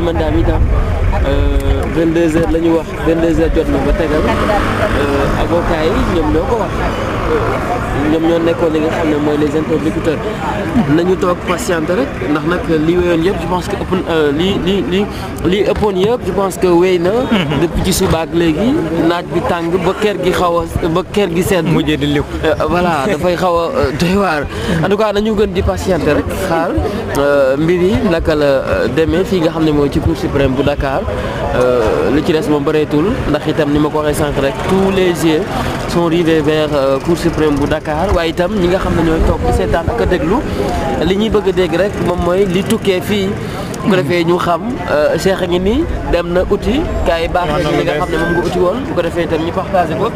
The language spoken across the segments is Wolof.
ci mandat bi tam 22h euh, la ñu wax 22 jot na ba tegal euh, avocat yi ñoom ñoo ko ñoom ñoo nekkoon li nga xam ne mooy les interlocuteurs nañu toog patiente rek ndax nag li wéyoon yëpp je pense que ëpp euh, li li lii ëppoon yëpp je pense que wéy na mhm. depuis ci suba léegi naaj bi tàng ba kër gi xaw a ba kër gi seet mu mujjee di lépp euh, voilà dafay xaw a euh, doy waar mhm. en tout nañu gën di patiente rek xaar mbir yi naka la demee fii nga xam ne mooy ci cour suprême bu Dakar li ci des moom bareetul ndax itam ni ma ko waxee rek tous les yeux sont vers suprême bu Dakar waaye itam ñi nga xam ne ñooy toog di seetaan ak a déglu li ñuy bëgg a dégg rek moom mooy li tukkee fii bu ko defee ñu xam euh, Cheikh a ngi nii dem na uti kaay baax na nga xam ne moom nga uti woon bu ko defee itam ñu partagé ko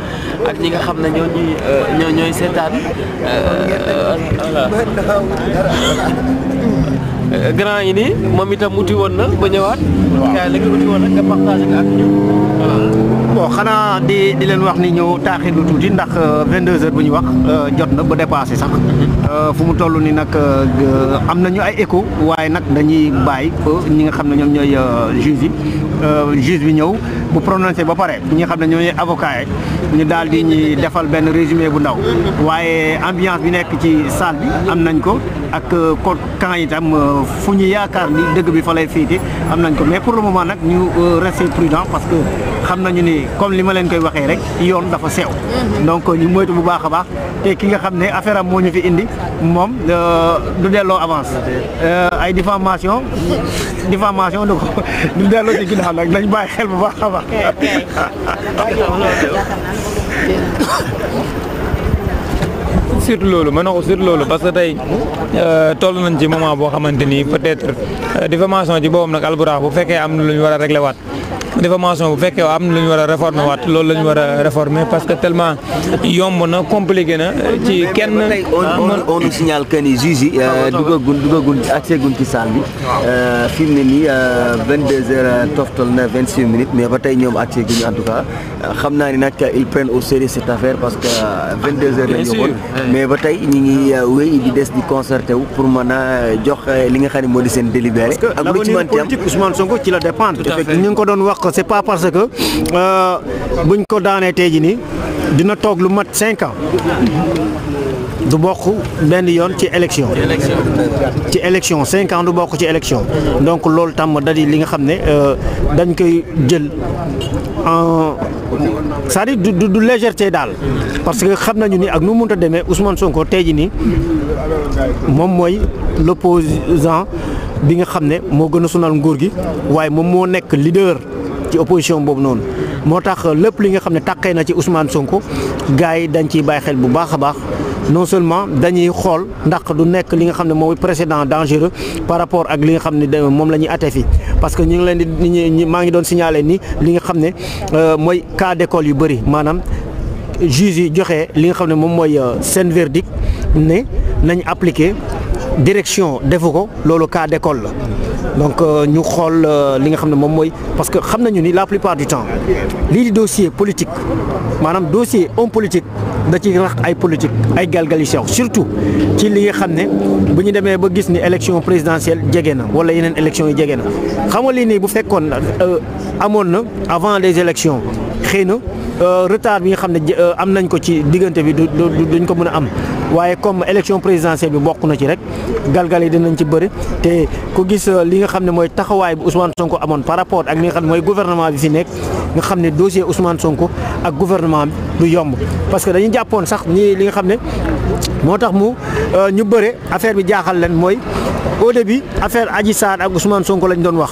ak ñi nga xam ne ñoo ñuy euh, ñoo ñooy seetaan euh, grand yi nii moom itam uti woon na ba ñëwaat. waaw kaay la nga uti woon nag nga partagé ko ak ñun bon xanaa di di leen wax ni ñu taaxil lu tuuti ndax 22h bu ñu wax jot na ba dépassé sax mhm. fu mu toll ni nag am nañu ay éco waaye nag dañuy bàyyi yëpp ñi nga xam ne ñoom ñooy euh, juge yi euh, juge bi ñëw bu prononcé ba pare ñi nga xam ne ñooy avocat yi ñu daal di ñuy defal benn résumé bu ndaw waaye ambiance bi nekk ci salle bi am nañ ko ak ko kan itam fu ñu yaakaar ni dëgg bi fa lay féete am nañ ko mais pour le moment nag ñu euh, rester prudent parce que xam nañu ni comme li ma leen koy waxee rek yoon dafa sew. Mhm. donc ñu moytu bu baax a baax te ki nga xam ne affaire am moo ñu fi indi moom euh, du delloo avance. Euh, ay diffamation diffamation du ko du delloo ci ginnaaw nag nañ bàyyi xel bu baax a baax. surtout loolu man wax surtout loolu parce que tey euh, toll nañ ci moment boo xamante ni peut-être diffamation ci boobam nag alburax bu fekkee am na lu ñu war a réglé waat. déformation bu fekkee am na lu ñu war a réformer waat loolu la ñu war a parce que tellement yomb na compliqué na ci kenn. on nous signale yi euh, dugagun dugagun accès gun ci salle bi euh, fi mu ne euh, toftal na 26 minutes mais ba tey ñoom accès guñu en tout cas xam naa ni nag ils prennent au sérieux cette affaire parce que 22h la mais ba tey ñi ngi wéy di des di concerté wu pour mën a jox li nga xam ne moo di seen délibéré. ak lu ci mën ko doon wax c'est pas parce que euh, buñ ko daanee tey ji nii dina toog lu mat cinq ans du bokk benn yoon ci élection ci élection cinq ans du bokk ci élection donc loolu tam dadi li nga xam ne euh, dañ koy jël en cest à du du légèreté daal parce que xam nañu nii ak nu mënta demee Ousmane Sonko tey jii nii moom mooy l'opposant bi nga xam ne moo gën a sonal nguur gi waaye moom moo nekk leader. ci opposition boobu noonu moo tax lépp li nga xam ne tàqee na ci Ousmane Sonko gars yi dañ ciy bàyyi xel bu baax a baax non seulement dañuy xool ndax du nekk li nga xam ne mooy précédent dangereux par rapport ak li nga xam ne moom la ñuy atte fi parce que ñu ngi leen di maa ngi doon signaler ni li nga xam ne euh, mooy cas d'école yu bëri maanaam juge yi joxe li nga xam ne moom mooy euh, seen verdict ne nañ appliqué direction defu ko loolu cas d'école la donc euh, ñu xool euh, li nga xam ne moom mooy parce que xam nañu ni la plupart du temps lii di dossier politique maanaam dossier homme politique da ci rax ay politique ay galgal yu sew surtout ci li nga xam ne bu ñu demee ba gis ni élection présidentielle jege na wala yeneen élection yi jege na xam nga nii bu fekkoon euh, amoon na avant des élections xëy na retard bi nga xam ne am nañ ko ci diggante bi du duñ ko mën a am waaye comme élection présidentielle bi bokk na ci rek galgal yi dinañ ci bëri te ku gis euh, li nga xam ne mooy taxawaay bi Ousmane Sonko amoon par rapport ak li nga xam ne mooy gouvernement bi fi nekk nga xam ne dossier Ousmane Sonko ak gouvernement bi du yomb parce que dañu jàppoon sax nii li nga xam ne moo tax mu euh, ñu bëre affaire bi jaaxal leen mooy au début affaire Adji Sarr ak Ousmane Sonko lañ doon wax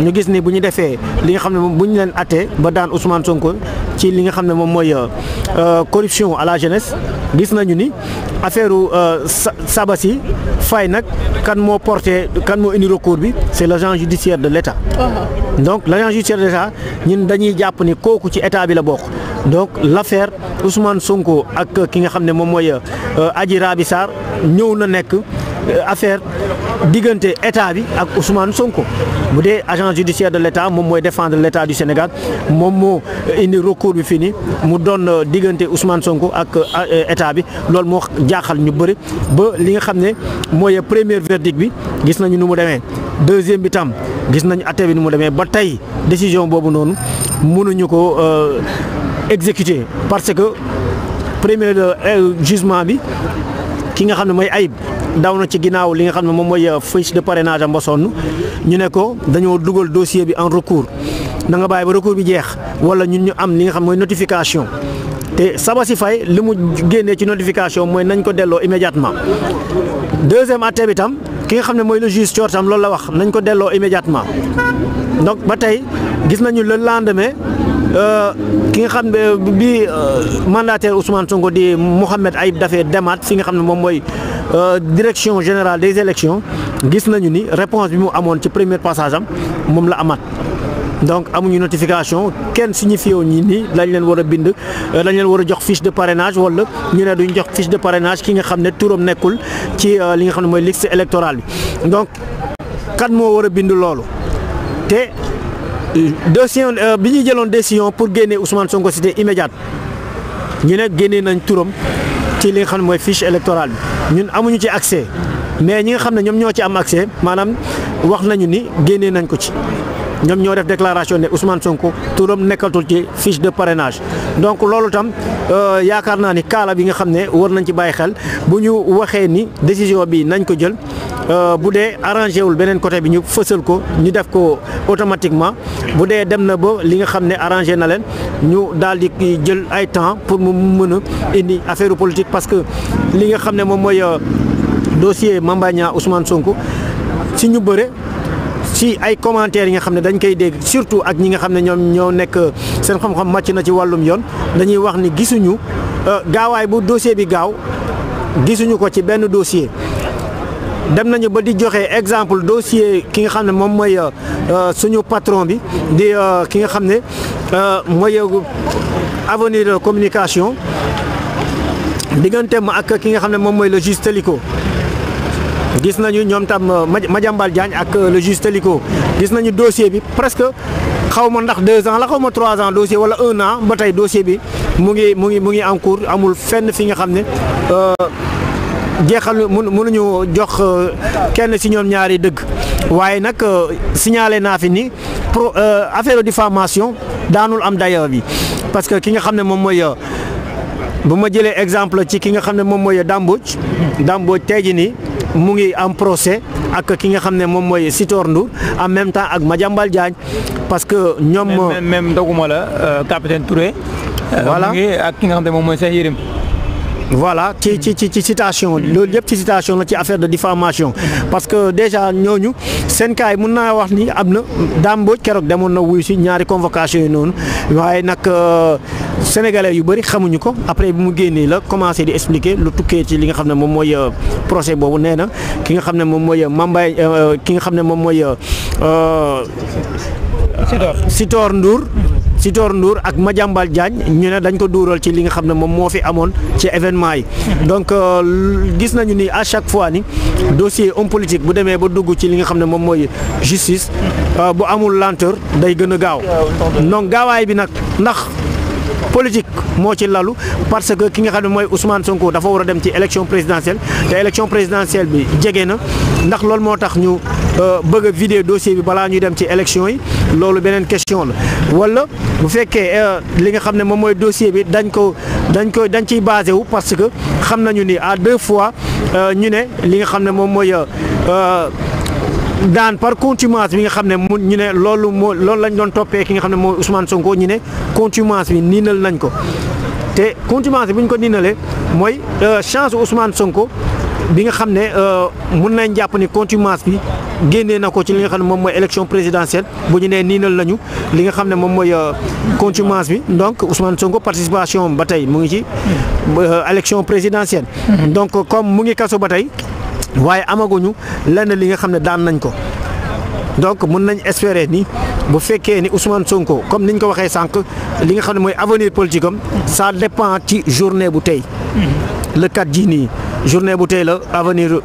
ñu gis ni bu ñu defee li nga xam ne moom bu ñu leen attee ba daan Ousmane Sonko ci li nga xam ne moom mooy euh, corruption à la jeunesse gis nañu ni affaire euh, sabasi fay nag kan moo porté kan moo indi recours bi c' est l' agent judiciaire de l' uh-huh. donc l' agent de l' état ñun dañuy jàpp ni kooku ci état bi la bokk. donc l' affaire Ousmane Sonko ak ki nga xam ne moom mooy euh, Adji Raby Sarr ñëw na nekk. Euh, affaire diggante état bi ak Ousmane Sonko bu dee agent judiciaire de l' état moom mooy défendre l' du Sénégal moom moo indi recours bi fii nii mu doon euh, diggante Ousmane Sonko ak euh, état bi loolu moo jaaxal ñu bëri ba li nga xam ne mooy première verdict bi gis nañu nu mu demee deuxième bi tam gis nañu atte bi nu mu demee ba tey décision boobu noonu mënuñu ko exécuter parce que premier jugement bi ki nga xam ne mooy ayib daw na ci ginnaaw li nga xam ne moom mooy euh, fiche de parrainage am sonn ñu ne ko dañoo dugal dossier bi en recours na nga bàyyi ba recours bi jeex wala ñun ñu am li nga xam mooy notification. te Sabasy Faye li mu génnee ci notification mooy nañ ko delloo immédiatement deuxième atte bi ki nga xam ne mooy le juge Thior loolu la wax nañ ko delloo immédiatement donc ba tey gis nañu le lendemain euh, ki nga xam ne bi euh, mandataire Ousmane Sonko di Mouhamed Ayib dafee demaat fi nga xam ne moom mooy. Euh, direction générale des élections gis nañu ni réponse bi mu amoon ci premier passage am moom la amaat donc amuñu notification kenn signifié wu ñi ni lañ leen war a bind euh, lañ leen war a jox fiche de parrainage wala ñu ne duñ jox fiche de parrainage ki nga xam ne turam nekkul ci euh, li nga xam ne mooy liste électorale bi donc kan moo war a bind loolu te décision bi ñuy jëloon décision pour génne Ousmane Sonko cité immédiate ñu ne génnee nañ turam ci li nga xam ne mooy fiche électorale bi. ñun amuñu ci accès mais ñi nga xam ne ñoom ñoo ci am accès maanaam wax nañu ni génnee nañ ko ci ñoom ñoo def déclaration de Ousmane Sonko turam nekkatul ci fiche de parrainage donc loolu tam euh, yaakaar naa ni kaala bi nga xam ne war nañ ci bàyyi xel bu ñu waxee ni décision bi nañ ko jël. Euh, bu dee arrangé wul beneen côté bi ñu fësal ko ñu def ko automatiquement bu dee dem na ba li nga xam ne arrangé na leen ñu daal di jël ay temps pour mu mën a indi affaire politique parce que li nga xam ne moom mooy euh, dossier Mame Mbaye Niang Sonko si ñu bëre si ay commentaires yi nga xam ne dañ koy dégg surtout ak ñi nga xam ne ñoom ñoo nekk euh, seen xam-xam màcc na ci wàllum yoon dañuy wax ni gisuñu gaawaay bu dossier bi gaaw gisuñu ko ci benn dossier dem nañu ba di joxe exemple dossier ki nga xam ne moom mooy euh, euh, suñu patron bi di euh, ki nga xam ne mooy avenir communication digganteem ak ki nga xam ne moom mooy le juge taliko gis nañu ñoom tam Madiambal Diagne ak le juge Téliko gis nañu dossier bi presque xaw ma ndax deux ans la xaw ma trois ans dossier wala un an ba tey dossier bi mu ngi mu ngi mu ngi en cours amul fenn fi nga xam ne. mu jeexal mënuñu jox euh, kenn si ñoom ñaari dëgg waaye nag euh, signalé naa fi ni pro euh, affaire diffamation daanul am dayoo bi parce que ki nga xam ne moom mooy bu ma jëlee exemple ci ki nga xam ne moom mooy Dambodj Dambodj tey jii nii mu ngi am procès ak ki nga xam ne moom mooy si Sitor ndu en même temps ak Madiambal Diagne parce que ñoom. même même doguma la capitaine Touré. voilà ak ki nga xam ne moom mooy Cheikh Yérim voilà ci ci ci ci citation hmm. loolu yëpp ci citation la ci affaire de diffamation parce que déjà ñooñu seen kaay mun naa wax ni am na Dame keroog demoon na wuyu si ñaari convocation yi noonu waaye nag euh, sénégalais yu bëri xamuñu ko après bi mu génnee la commencé di expliquer lu tukkee ci li nga xam ne moom mooy euh, projet boobu nee na ki nga xam ne moom mooy euh, Mambay ki nga xam ne moom mooy Sitor Ndour ak Madiambal Diagne ñu ne dañ ko duural ci li nga xam ne moom moo fi amoon ci événement yi donc euh, gis nañu ni à chaque fois ni dossier homme politique bu demee ba dugg ci li nga xam ne moom mooy justice euh, bu amul lenteur day gën a gaaw donc gaawaay bi nag ndax politique moo ci lalu parce que ki nga xam ne mooy Ousmane Sonko dafa war a dem ci élection présidentielle te élection présidentielle bi jege na ndax loolu moo tax ñu euh, bëgg a dossi bi balaa ñuy dem ci élection yi loolu beneen question la bu fekkee euh, li nga xam ne moom mooy dossier bi dañ ko dañ ko dañ ciy basé wu parce que xam nañu ni à deux fois euh, ñu ne li nga xam ne moom mooy euh, daan par contumace bi nga xam ne mu ñu ne loolu moo loolu lañ doon toppee ki nga xam ne mooy Ousmane Sonko ñu ne contumace bi niinal nañ ko te contumace bi bu ñu ko niinale mooy chance Ousmane Sonko. bi nga xam ne euh, mun nañ jàpp ni contumace bi génnee na ko ci li nga xam ne moom mooy élection présidentielle bu ñu nee niinal nañu li nga xam ne moom mooy euh, contumace bi donc Ousmane Sonko participation ba tey mu ngi ci euh, élection présidentielle. Mhm. donc comme mu ngi kaso ba tey waaye amaguñu len li nga xam ne daan nañ ko. donc mun nañ espérer ni bu fekkee ni Ousmane Sonko comme niñ ko waxee sànq li nga xam ne mooy avenir politique am ça ci journée bu tey. Mhm. le 4 nii. journée bu tey la avenir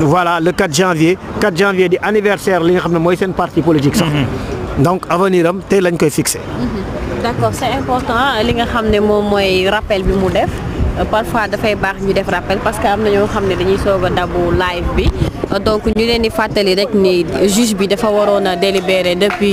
voilà le 4 janvier 4 janvier di anniversaire li nga xam ne mooy seen parti politique sax mhm. donc avenir am tey lañ koy fixé mhm. d'accord euh, li nga xam ne moom mooy rappel bi mu def euh, fois dafay baax ñu def rappel parce que am na ñoo xam ne dañuy soog a dabu live bi euh, donc ñu leen di fàttali rek ni juge bi dafa waroon a délibéré depuis